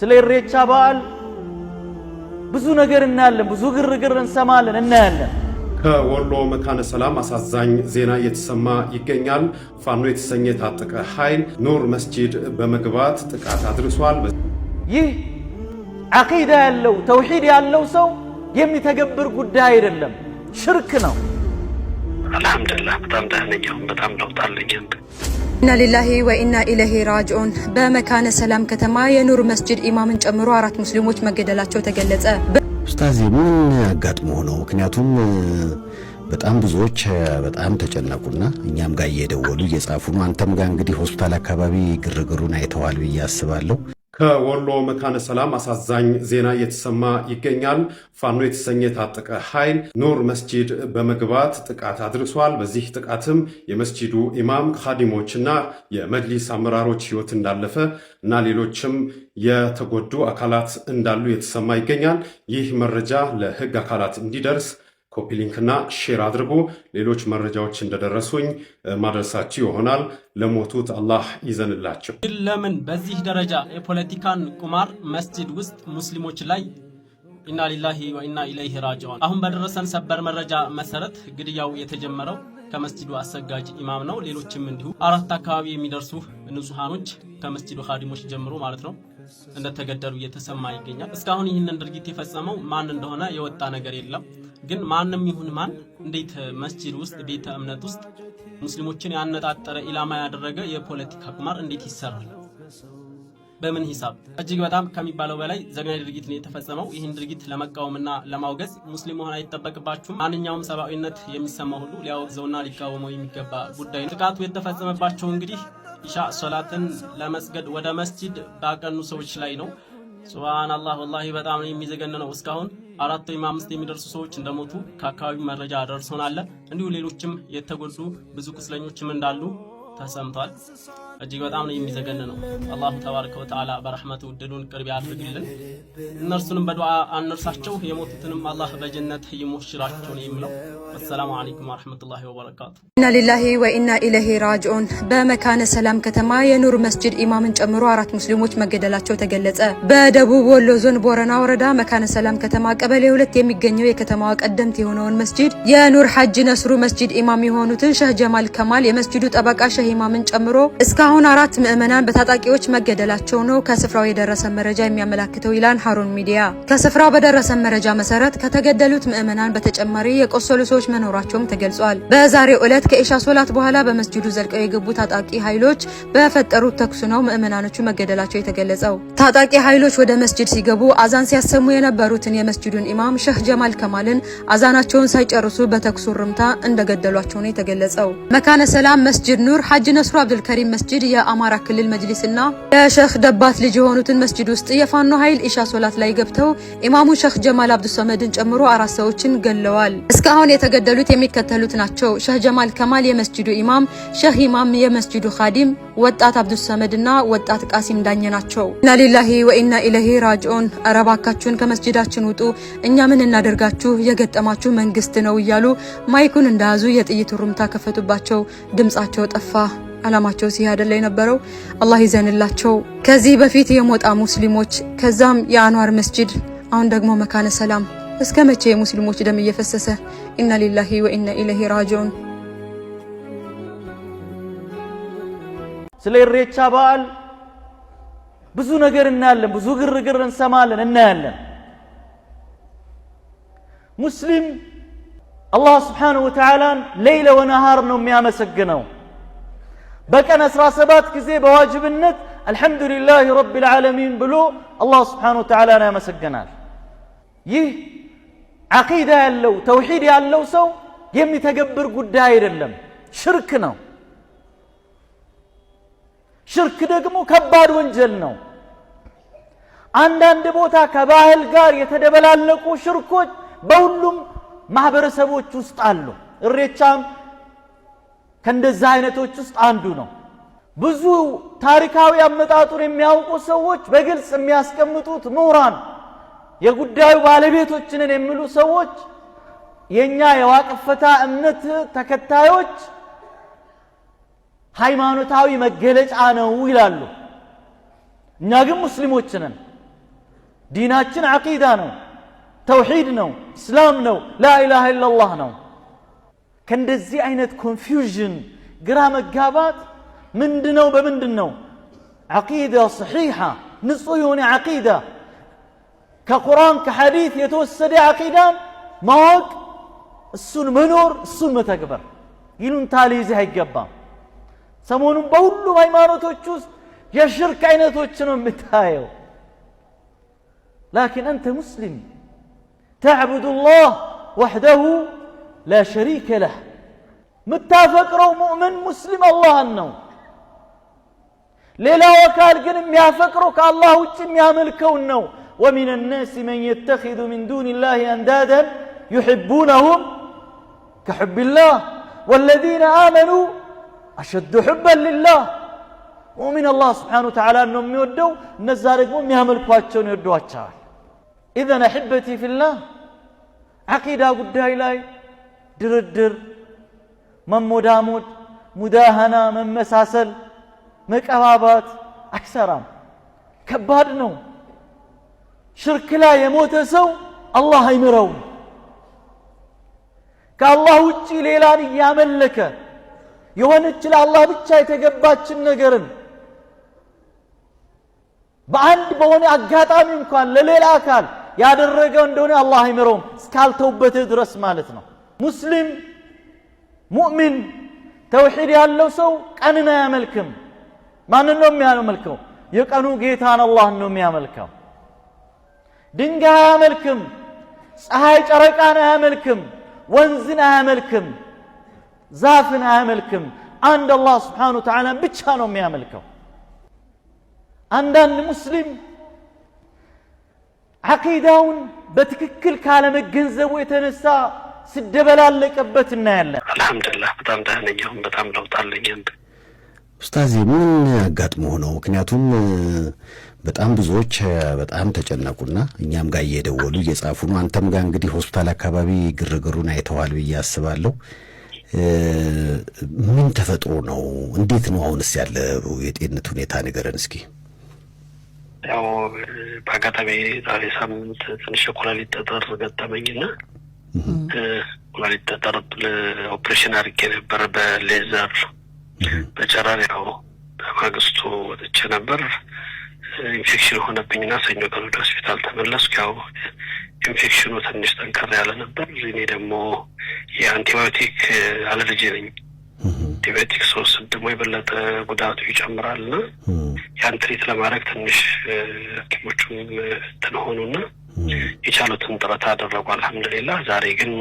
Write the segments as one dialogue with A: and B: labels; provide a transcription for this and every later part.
A: ስለ ኢሬቻ በዓል ብዙ ነገር እናያለን፣ ብዙ ግርግር እንሰማለን፣ እናያለን።
B: ከወሎ መካነ ሰላም አሳዛኝ ዜና እየተሰማ ይገኛል። ፋኖ የተሰኘ የታጠቀ ኃይል ኑር መስጂድ በመግባት ጥቃት አድርሷል።
A: ይህ አቂዳ ያለው ተውሂድ ያለው ሰው የሚተገብር ጉዳይ አይደለም፣ ሽርክ ነው።
C: አልሐምዱሊላህ በጣም ደህነኛው በጣም ለውጥ አለኝ።
D: ኢና ሊላሂ ወኢና ኢለይሂ ራጅዑን። በመካነ ሰላም ከተማ የኑር መስጂድ ኢማምን ጨምሮ አራት ሙስሊሞች መገደላቸው ተገለጸ።
E: ኡስታዝ ምን አጋጥሞ ነው? ምክንያቱም በጣም ብዙዎች በጣም ተጨነቁና እኛም ጋር እየደወሉ እየጻፉ ነው። አንተም ጋር እንግዲህ ሆስፒታል አካባቢ ግርግሩን አይተዋል ብዬ አስባለሁ።
B: ከወሎ መካነ ሰላም አሳዛኝ ዜና እየተሰማ ይገኛል። ፋኖ የተሰኘ የታጠቀ ኃይል ኑር መስጂድ በመግባት ጥቃት አድርሷል። በዚህ ጥቃትም የመስጂዱ ኢማም ካዲሞችና የመድሊስ አመራሮች ሕይወት እንዳለፈ እና ሌሎችም የተጎዱ አካላት እንዳሉ የተሰማ ይገኛል። ይህ መረጃ ለሕግ አካላት እንዲደርስ ኮፒ ሊንክና ሼር አድርጉ። ሌሎች መረጃዎች እንደደረሱኝ ማድረሳችሁ ይሆናል። ለሞቱት አላህ ይዘንላቸው።
A: ለምን በዚህ ደረጃ የፖለቲካን ቁማር መስጂድ ውስጥ ሙስሊሞች ላይ ኢና ሊላሂ ወኢና ኢለይሂ ራጂዑን። አሁን በደረሰን ሰበር መረጃ መሰረት ግድያው የተጀመረው ከመስጂዱ አሰጋጅ ኢማም ነው። ሌሎችም እንዲሁ አራት አካባቢ የሚደርሱ ንጹሐኖች ከመስጂዱ ኻዲሞች ጀምሮ ማለት ነው እንደተገደሉ እየተሰማ ይገኛል። እስካሁን ይህንን ድርጊት የፈጸመው ማን እንደሆነ የወጣ ነገር የለም። ግን ማንም ይሁን ማን እንዴት መስጂድ ውስጥ ቤተ እምነት ውስጥ ሙስሊሞችን ያነጣጠረ ኢላማ ያደረገ የፖለቲካ ቁማር እንዴት ይሰራል? በምን ሂሳብ? እጅግ በጣም ከሚባለው በላይ ዘግናኝ ድርጊት ነው የተፈጸመው። ይህን ድርጊት ለመቃወምና ለማውገዝ ሙስሊም መሆን አይጠበቅባችሁም። ማንኛውም ሰብአዊነት የሚሰማው ሁሉ ሊያወግዘውና ሊቃወመው የሚገባ ጉዳይ ነው። ጥቃቱ የተፈጸመባቸው እንግዲህ ኢሻ ሶላትን ለመስገድ ወደ መስጂድ ባቀኑ ሰዎች ላይ ነው። ሱብሃን አላህ ወላሂ በጣም ነው እስካሁን አራት ወይም አምስት የሚደርሱ ሰዎች እንደሞቱ ከአካባቢው መረጃ ደርሶናል። እንዲሁ ሌሎችም የተጎዱ ብዙ ቁስለኞችም እንዳሉ ተሰምቷል። እጅግ በጣም ነው የሚዘገንነው። አላሁ ተባረከ ወተዓላ በረሕመቱ ዕድሉን ቅርብ ያድርግልን። እነርሱንም በዱዓ አንርሳቸው። የሞቱትንም አላህ በጀነት ይሞሽራቸው ነው የሚለው አሰላሙ አለይኩም ወረሕመቱላሂ ወበረካቱ።
D: ኢና ሊላሂ ወኢና ኢለይሂ ራጅዑን። በመካነ ሰላም ከተማ የኑር መስጂድ ኢማምን ጨምሮ አራት ሙስሊሞች መገደላቸው ተገለጸ። በደቡብ ወሎ ዞን ቦረና ወረዳ መካነ ሰላም ከተማ ቀበሌ ሁለት የሚገኘው የከተማዋ ቀደምት የሆነውን መስጂድ የኑር ሐጂ ነስሩ መስጂድ ኢማም የሆኑትን ሸህ ጀማል ከማል የመስጂዱ ጠበቃ ሸህ ኢማምን ጨምሮ እስካሁን አራት ምዕመናን በታጣቂዎች መገደላቸው ነው ከስፍራው የደረሰ መረጃ የሚያመላክተው ይላል ሀሩን ሚዲያ። ከስፍራው በደረሰ መረጃ መሰረት ከተገደሉት ምዕመናን በተጨማሪ የቆሰሉ ታጣቂዎች መኖራቸውም ተገልጿል። በዛሬው ዕለት ከኢሻ ሶላት በኋላ በመስጂዱ ዘልቀው የገቡ ታጣቂ ኃይሎች በፈጠሩት ተኩስ ነው ምዕመናኖቹ መገደላቸው የተገለጸው። ታጣቂ ኃይሎች ወደ መስጂድ ሲገቡ አዛን ሲያሰሙ የነበሩትን የመስጂዱን ኢማም ሼህ ጀማል ከማልን አዛናቸውን ሳይጨርሱ በተኩሱ ርምታ እንደገደሏቸው ነው የተገለጸው። መካነ ሰላም መስጂድ ኑር፣ ሐጅ ነስሩ አብዱልከሪም መስጂድ፣ የአማራ ክልል መጅሊስና የሸህ ደባት ልጅ የሆኑትን መስጂድ ውስጥ የፋኖ ኃይል ኢሻ ሶላት ላይ ገብተው ኢማሙ ሼህ ጀማል አብዱሰመድን ጨምሮ አራት ሰዎችን ገለዋል። እስካሁን የተገደሉት የሚከተሉት ናቸው። ሸህ ጀማል ከማል የመስጂዱ ኢማም፣ ሸህ ኢማም የመስጂዱ ኻዲም፣ ወጣት አብዱሰመድ እና ወጣት ቃሲም ዳኘ ናቸው። ኢና ሊላሂ ወኢና ኢለይሂ ራጅዑን። እረባካችሁን ከመስጂዳችን ውጡ፣ እኛ ምን እናደርጋችሁ? የገጠማችሁ መንግስት ነው እያሉ ማይኩን እንደያዙ የጥይት ሩምታ ከፈቱባቸው። ድምጻቸው ጠፋ። አላማቸው ሲህ አይደለ የነበረው። አላህ ይዘንላቸው። ከዚህ በፊት የሞጣ ሙስሊሞች፣ ከዛም የአንዋር መስጂድ፣ አሁን ደግሞ መካነ ሰላም። እስከ መቼ የሙስሊሞች ደም እየፈሰሰ ኢና ሊላሂ ወኢና ኢለይሂ ራጂዑን።
A: ስለ ኢሬቻ በዓል ብዙ ነገር እናያለን፣ ብዙ ግርግር እንሰማለን፣ እናያለን። ሙስሊም አላህ ስብሓነሁ ወተዓላን ሌይለ ወነሃር ነው የሚያመሰግነው። በቀን 17 ጊዜ በዋጅብነት አልሐምዱሊላህ ረቢል ዓለሚን ብሎ አላህ ስብሓነሁ ወተዓላን ያመሰግናል። ይህ ዓቂዳ ያለው ተውሒድ ያለው ሰው የሚተገብር ጉዳይ አይደለም፣ ሽርክ ነው። ሽርክ ደግሞ ከባድ ወንጀል ነው። አንዳንድ ቦታ ከባህል ጋር የተደበላለቁ ሽርኮች በሁሉም ማህበረሰቦች ውስጥ አሉ። እሬቻም ከእንደዛ አይነቶች ውስጥ አንዱ ነው። ብዙ ታሪካዊ አመጣጡን የሚያውቁ ሰዎች በግልጽ የሚያስቀምጡት ምሁራን የጉዳዩ ባለቤቶችንን የሚሉ ሰዎች የእኛ የዋቅፈታ እምነት ተከታዮች ሃይማኖታዊ መገለጫ ነው ይላሉ። እኛ ግን ሙስሊሞች ነን። ዲናችን ዓቂዳ ነው፣ ተውሒድ ነው፣ እስላም ነው፣ ላኢላሃ ኢለላህ ነው። ከእንደዚህ አይነት ኮንፊውዥን ግራ መጋባት ምንድነው በምንድን ነው ዓቂዳ ሰሒሓ ንጹህ የሆነ ዓቂዳ ከቁርአን ከሐዲት የተወሰደ አቂዳን ማወቅ እሱን መኖር እሱን መተግበር ይሉንታ ሊይዝህ አይገባም። ሰሞኑን በሁሉም ሃይማኖቶች ውስጥ የሽርክ አይነቶች ነው የምታየው። ላኪን አንተ ሙስሊም ተዕቡድ ላህ ወሕደሁ ላ ሸሪከ ለህ የምታፈቅረው ሙእምን ሙስሊም አላህን ነው። ሌላው አካል ግን የሚያፈቅረው ከአላህ ውጭ የሚያመልከውን ነው። ومن الناس من يتخذ من دون الله أندادا يحبونهم كحب الله والذين آمنوا أشد حبا لله ومن الله سبحانه وتعالى أنهم يودوا النزارق مؤمن يودوا أتشار إذن أحبتي في الله عقيدة قد در لاي من መሞዳሞድ مداهنة من مساسل አይሰራም أكثر كبارنو ሽርክ ላይ የሞተ ሰው አላህ አይምረውም። ከአላህ ውጪ ሌላን እያመለከ የሆነች ለአላህ ብቻ የተገባችን ነገርን በአንድ በሆነ አጋጣሚ እንኳን ለሌላ አካል ያደረገ እንደሆነ አላህ አይምረውም እስካልተውበት ድረስ ማለት ነው። ሙስሊም ሙእሚን ተውሒድ ያለው ሰው ቀንን አያመልክም። ማንን ነው የሚያመልከው? የቀኑ ጌታን አላህን ነው የሚያመልከው። ድንጋይ አያመልክም፣ ፀሐይ ጨረቃን አያመልክም፣ ወንዝን አያመልክም፣ ዛፍን አያመልክም። አንድ አላህ ስብሓነ ወተዓላ ብቻ ነው የሚያመልከው። አንዳንድ ሙስሊም ዓቂዳውን በትክክል ካለመገንዘቡ የተነሳ ስደበላለቀበት እናያለን።
C: አልሐምዱሊላህ በጣም ደህና በጣም ለውጥ
E: ኡስታዝ ምን አጋጥሞ ነው? ምክንያቱም በጣም ብዙዎች በጣም ተጨነቁና እኛም ጋር እየደወሉ እየጻፉ ነው። አንተም ጋር እንግዲህ ሆስፒታል አካባቢ ግርግሩን አይተዋል ብዬ አስባለሁ። ምን ተፈጥሮ ነው? እንዴት ነው አሁንስ ያለ የጤንነት ሁኔታ ንገረን እስኪ።
C: ያው በአጋጣሚ ዛሬ ሳምንት ትንሽ የኩላሊት ጠጠር ገጠመኝና ኩላሊት ጠጠር ኦፕሬሽን አድርጌ ነበር በሌዘር በጨረር ያው በማግስቱ ወጥቼ ነበር ኢንፌክሽን ሆነብኝ ና ሰኞ ቀን ወደ ሆስፒታል ተመለስኩ። ያው ኢንፌክሽኑ ትንሽ ጠንከር ያለ ነበር። እኔ ደግሞ የአንቲባዮቲክ አለርጂ ነኝ። አንቲባዮቲክ ሶስት ደግሞ የበለጠ ጉዳቱ ይጨምራል ና ያን ትሪት ለማድረግ ትንሽ ሐኪሞቹም እንትን ና የቻሉትን ጥረት አደረጉ። አልሐምድሌላ ዛሬ ግን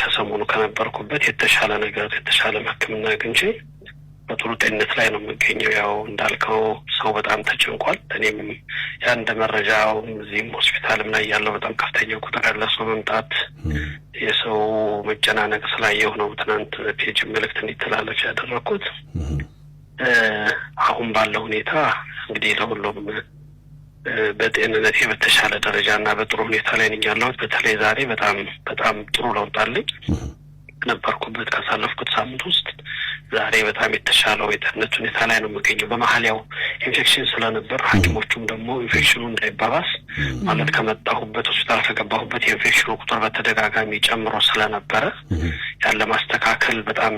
C: ከሰሞኑ ከነበርኩበት የተሻለ ነገር የተሻለ ሕክምና አግኝቼ በጥሩ ጤንነት ላይ ነው የሚገኘው። ያው እንዳልከው ሰው በጣም ተጨንቋል። እኔም ያ እንደ መረጃው እዚህም ሆስፒታልም ላይ ያለው በጣም ከፍተኛ ቁጥር ያለ ሰው መምጣት የሰው መጨናነቅ ስላየሁ ነው ትናንት ፔጅ መልእክት እንዲተላለፍ ያደረግኩት። አሁን ባለው ሁኔታ እንግዲህ ለሁሉም በጤንነቴ በተሻለ ደረጃ እና በጥሩ ሁኔታ ላይ ነኝ ያለሁት። በተለይ ዛሬ በጣም በጣም ጥሩ ለውጥ አለኝ። ነበርኩበት ካሳለፍኩት ሳምንት ውስጥ ዛሬ በጣም የተሻለው የጤንነት ሁኔታ ላይ ነው የምገኘው። በመሀል ያው ኢንፌክሽን ስለነበር ሐኪሞቹም ደግሞ ኢንፌክሽኑ እንዳይባባስ ማለት ከመጣሁበት ሆስፒታል ከገባሁበት የኢንፌክሽኑ ቁጥር በተደጋጋሚ ጨምሮ ስለነበረ ያለ ማስተካከል በጣም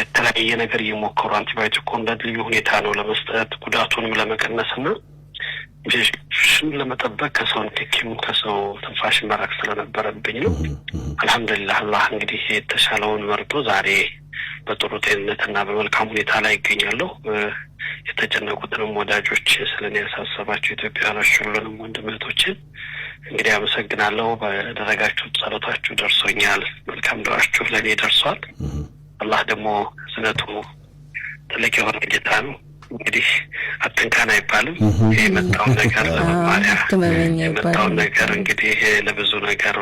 C: የተለያየ ነገር እየሞከሩ አንቲባዮቲክ እንደ ልዩ ሁኔታ ነው ለመስጠት ጉዳቱንም ለመቀነስ እና ሽም ለመጠበቅ ከሰው ንክኪም ከሰው ትንፋሽ መራቅ ስለነበረብኝ ነው። አልሐምዱሊላህ አላህ እንግዲህ የተሻለውን መርጦ ዛሬ በጥሩ ጤንነትና በመልካም ሁኔታ ላይ ይገኛለሁ። የተጨነቁትንም ወዳጆች ስለኔ ያሳሰባቸው ኢትዮጵያውያኖች ሁሉንም ወንድም እህቶችን እንግዲህ አመሰግናለሁ። በደረጋችሁ ጸሎታችሁ ደርሶኛል። መልካም ዱዓችሁ ለእኔ ደርሷል። አላህ ደግሞ ስነቱ ትልቅ የሆነ ጌታ ነው። እንግዲህ አትንካን አይባልም። የመጣውን ነገር ለመማሪያ
A: የመጣውን ነገር
C: እንግዲህ ለብዙ ነገር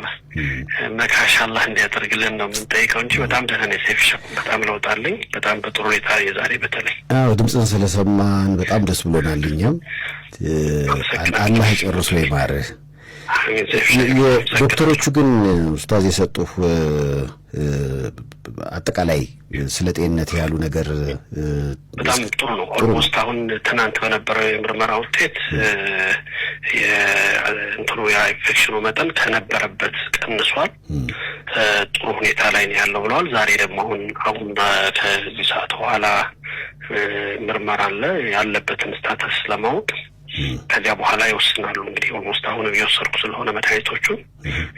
C: መካሻ አላህ እንዲያደርግልን ነው የምንጠይቀው እንጂ በጣም ደህን ነኝ። በጣም ለውጥ በጣም በጥሩ ሁኔታ የዛሬ በተለይ
E: አዎ፣ ድምፅን ስለሰማን በጣም ደስ ብሎናል። እኛም አላህ ጨርሶ ይማርህ። ዶክተሮቹ ግን ኡስታዝ የሰጡህ አጠቃላይ ስለ ጤንነት ያሉ ነገር
C: በጣም ጥሩ ነው። ኦልሞስት አሁን ትናንት በነበረው የምርመራ ውጤት እንትኑ የኢንፌክሽኑ መጠን ከነበረበት ቀንሷል፣ ጥሩ ሁኔታ ላይ ነው ያለው ብለዋል። ዛሬ ደግሞ አሁን አሁን ከዚህ ሰዓት በኋላ ምርመራ አለ ያለበትን ስታተስ ለማወቅ ከዚያ በኋላ ይወስናሉ። እንግዲህ ኦልሞስት አሁንም እየወሰድኩ ስለሆነ መድኃኒቶቹን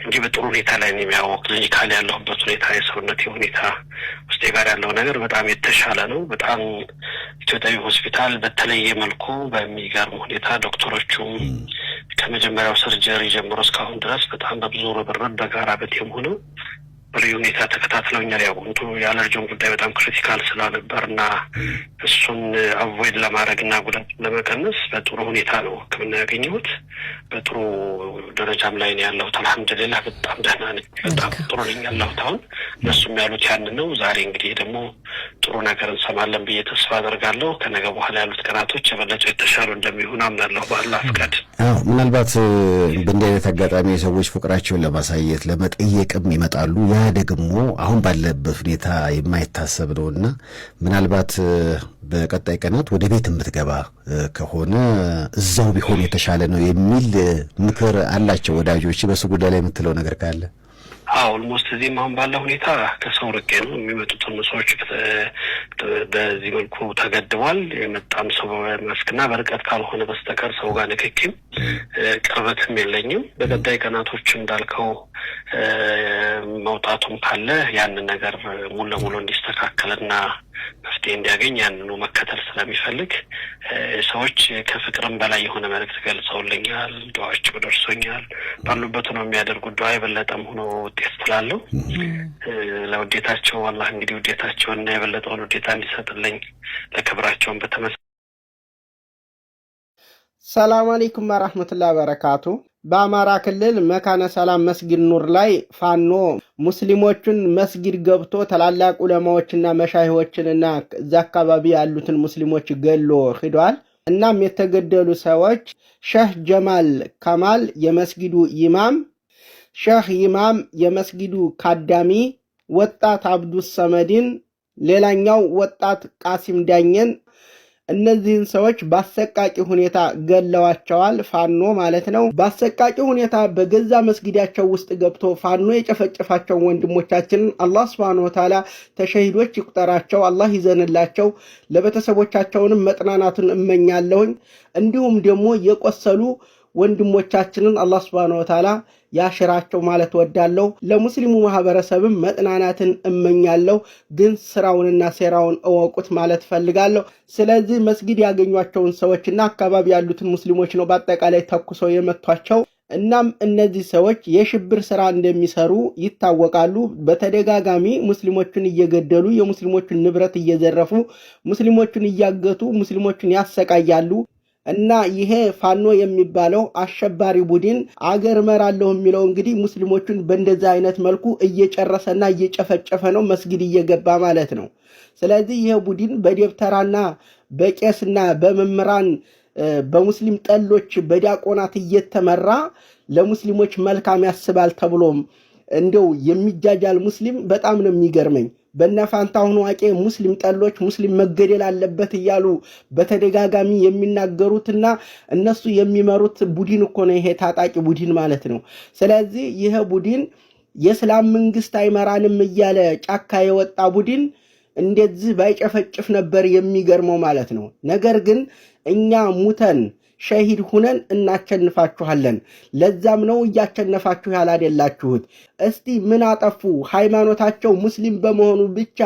C: እንጂ በጥሩ ሁኔታ ላይ የሚያወቅ ፊዚካል ያለሁበት ሁኔታ የሰውነት ሁኔታ ውስጤ ጋር ያለው ነገር በጣም የተሻለ ነው። በጣም ኢትዮጵያዊ ሆስፒታል በተለየ መልኩ በሚገርም ሁኔታ ዶክተሮቹም ከመጀመሪያው ሰርጀሪ ጀምሮ እስካሁን ድረስ በጣም በብዙ ርብርብ በጋራ በቴም ሆነው በልዩ ሁኔታ ተከታትለውኛል። ያው እንቱ የአለርጂውን ጉዳይ በጣም ክሪቲካል ስላነበር እና እሱን አቮይድ ለማድረግ እና ጉዳት ለመቀነስ በጥሩ ሁኔታ ነው ሕክምና ያገኘሁት። በጥሩ ደረጃም ላይ ነው ያለሁት። አልሐምዱሊላህ በጣም ደህና ነኝ። በጣም ጥሩ ነኝ ያለሁት አሁን። እነሱም ያሉት ያን ነው። ዛሬ እንግዲህ ደግሞ ጥሩ ነገር እንሰማለን ብዬ ተስፋ አደርጋለሁ። ከነገ በኋላ ያሉት ቀናቶች የበለጠ የተሻሉ እንደሚሆን አምናለሁ በአላህ ፍቃድ።
E: ምናልባት በእንዲህ አይነት አጋጣሚ የሰዎች ፍቅራቸውን ለማሳየት ለመጠየቅም ይመጣሉ። ደግሞ አሁን ባለበት ሁኔታ የማይታሰብ ነውና ምናልባት በቀጣይ ቀናት ወደ ቤት የምትገባ ከሆነ እዛው ቢሆን የተሻለ ነው የሚል ምክር አላቸው ወዳጆች። በሱ ጉዳይ ላይ የምትለው ነገር ካለ
C: ኦልሞስት እዚህም አሁን ባለ ሁኔታ ከሰው ርቄ ነው የሚመጡትን ሰዎች በዚህ መልኩ ተገድቧል። የመጣም ሰው በመስክና በርቀት ካልሆነ በስተቀር ሰው ጋር ንክኪም ቅርበትም የለኝም። በቀጣይ ቀናቶች እንዳልከው መውጣቱም ካለ ያንን ነገር ሙሉ ለሙሉ እንዲስተካከልና መፍትሄ እንዲያገኝ ያንኑ መከተል ስለሚፈልግ ሰዎች ከፍቅርም በላይ የሆነ መልእክት ገልጸውልኛል። ድዋቸው ደርሶኛል። ባሉበት ነው የሚያደርጉት። ድዋ የበለጠም ሆኖ ውጤት ስላለው ለውዴታቸው አላህ እንግዲህ ውዴታቸውን እና የበለጠውን ውዴታ እንዲሰጥልኝ ለክብራቸውን በተመሳ
A: ሰላም አሌይኩም ወረሕመቱላሂ በረካቱ በአማራ ክልል መካነ ሰላም መስጊድ ኑር ላይ ፋኖ ሙስሊሞቹን መስጊድ ገብቶ ታላላቅ ዑለማዎችና መሻሂዎችንና እዛ አካባቢ ያሉትን ሙስሊሞች ገሎ ሂዷል። እናም የተገደሉ ሰዎች ሸህ ጀማል ከማል የመስጊዱ ኢማም፣ ሸህ ኢማም የመስጊዱ ካዳሚ፣ ወጣት አብዱስ ሰመድን፣ ሌላኛው ወጣት ቃሲም ዳኘን እነዚህን ሰዎች በአሰቃቂ ሁኔታ ገለዋቸዋል። ፋኖ ማለት ነው። በአሰቃቂ ሁኔታ በገዛ መስጊዳቸው ውስጥ ገብቶ ፋኖ የጨፈጨፋቸውን ወንድሞቻችንን አላህ ስብሃነ ወተዓላ ተሸሂዶች ይቁጠራቸው፣ አላህ ይዘንላቸው። ለቤተሰቦቻቸውንም መጥናናቱን እመኛለሁኝ። እንዲሁም ደግሞ የቆሰሉ ወንድሞቻችንን አላህ ሱብሃነሁ ወተዓላ ያሽራቸው ማለት ወዳለው ለሙስሊሙ ማህበረሰብም መጥናናትን እመኛለሁ። ግን ስራውንና ሴራውን እወቁት ማለት ፈልጋለሁ። ስለዚህ መስጊድ ያገኟቸውን ሰዎችና አካባቢ ያሉትን ሙስሊሞች ነው በአጠቃላይ ተኩሰው የመቷቸው። እናም እነዚህ ሰዎች የሽብር ስራ እንደሚሰሩ ይታወቃሉ። በተደጋጋሚ ሙስሊሞችን እየገደሉ የሙስሊሞችን ንብረት እየዘረፉ ሙስሊሞችን እያገቱ ሙስሊሞችን ያሰቃያሉ። እና ይሄ ፋኖ የሚባለው አሸባሪ ቡድን አገር መራለሁ የሚለው እንግዲህ ሙስሊሞቹን በእንደዚህ አይነት መልኩ እየጨረሰና እየጨፈጨፈ ነው፣ መስጊድ እየገባ ማለት ነው። ስለዚህ ይሄ ቡድን በደብተራና በቄስና በመምህራን በሙስሊም ጠሎች በዲያቆናት እየተመራ ለሙስሊሞች መልካም ያስባል ተብሎም እንደው የሚጃጃል ሙስሊም በጣም ነው የሚገርመኝ። በነፋንታ ሆኖ አቄ ሙስሊም ጠሎች ሙስሊም መገደል አለበት እያሉ በተደጋጋሚ የሚናገሩትና እነሱ የሚመሩት ቡድን እኮ ነው ይሄ ታጣቂ ቡድን ማለት ነው። ስለዚህ ይህ ቡድን የእስላም መንግስት አይመራንም እያለ ጫካ የወጣ ቡድን እንደዚህ ባይጨፈጭፍ ነበር የሚገርመው ማለት ነው። ነገር ግን እኛ ሙተን ሸሂድ ሁነን እናቸንፋችኋለን። ለዛም ነው እያቸነፋችሁ ያላደላችሁት። እስቲ ምን አጠፉ? ሃይማኖታቸው ሙስሊም በመሆኑ ብቻ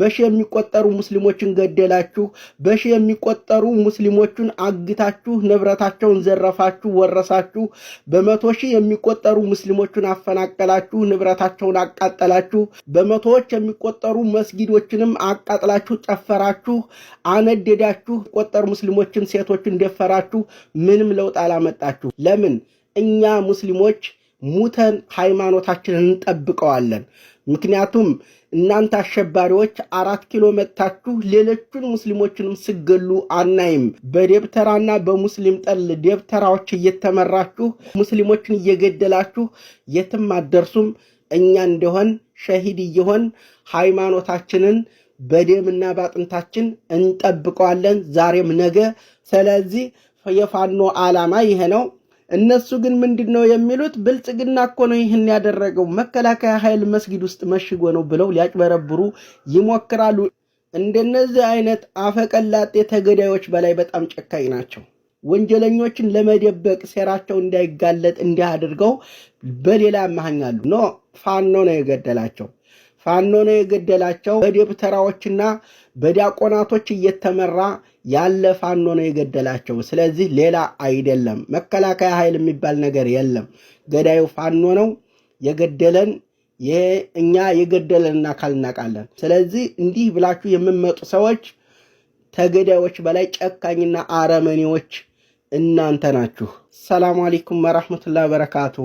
A: በሺ የሚቆጠሩ ሙስሊሞችን ገደላችሁ። በሺ የሚቆጠሩ ሙስሊሞችን አግታችሁ ንብረታቸውን ዘረፋችሁ፣ ወረሳችሁ። በመቶ ሺህ የሚቆጠሩ ሙስሊሞችን አፈናቀላችሁ፣ ንብረታቸውን አቃጠላችሁ። በመቶዎች የሚቆጠሩ መስጊዶችንም አቃጥላችሁ ጨፈራችሁ፣ አነደዳችሁ። ቆጠር ሙስሊሞችን ሴቶችን ደፈራችሁ። ምንም ለውጥ አላመጣችሁ። ለምን? እኛ ሙስሊሞች ሙተን ሃይማኖታችንን እንጠብቀዋለን። ምክንያቱም እናንተ አሸባሪዎች አራት ኪሎ መጥታችሁ ሌሎቹን ሙስሊሞችንም ስገሉ አናይም። በደብተራና በሙስሊም ጠል ደብተራዎች እየተመራችሁ ሙስሊሞችን እየገደላችሁ የትም አደርሱም። እኛ እንደሆን ሸሂድ እየሆን ሃይማኖታችንን በደምና በአጥንታችን እንጠብቀዋለን ዛሬም ነገ። ስለዚህ የፋኖ ዓላማ ይሄ ነው። እነሱ ግን ምንድን ነው የሚሉት? ብልጽግና እኮ ነው ይህን ያደረገው መከላከያ ኃይል መስጊድ ውስጥ መሽጎ ነው ብለው ሊያጭበረብሩ ይሞክራሉ። እንደነዚህ አይነት አፈቀላጤ ተገዳዮች በላይ በጣም ጨካኝ ናቸው። ወንጀለኞችን ለመደበቅ ሴራቸው እንዳይጋለጥ እንዲህ አድርገው በሌላ ያመሃኛሉ። ኖ ፋኖ ነው የገደላቸው፣ ፋኖ ነው የገደላቸው። በደብተራዎችና በዲያቆናቶች እየተመራ ያለ ፋኖ ነው የገደላቸው። ስለዚህ ሌላ አይደለም፣ መከላከያ ኃይል የሚባል ነገር የለም። ገዳዩ ፋኖ ነው የገደለን። እኛ የገደለን አካል እናውቃለን። ስለዚህ እንዲህ ብላችሁ የምመጡ ሰዎች ከገዳዮች በላይ ጨካኝና አረመኔዎች እናንተ ናችሁ። ሰላም አለይኩም ወረሕመቱላሂ በረካቱ